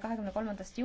kahekümne kolmandast ju-,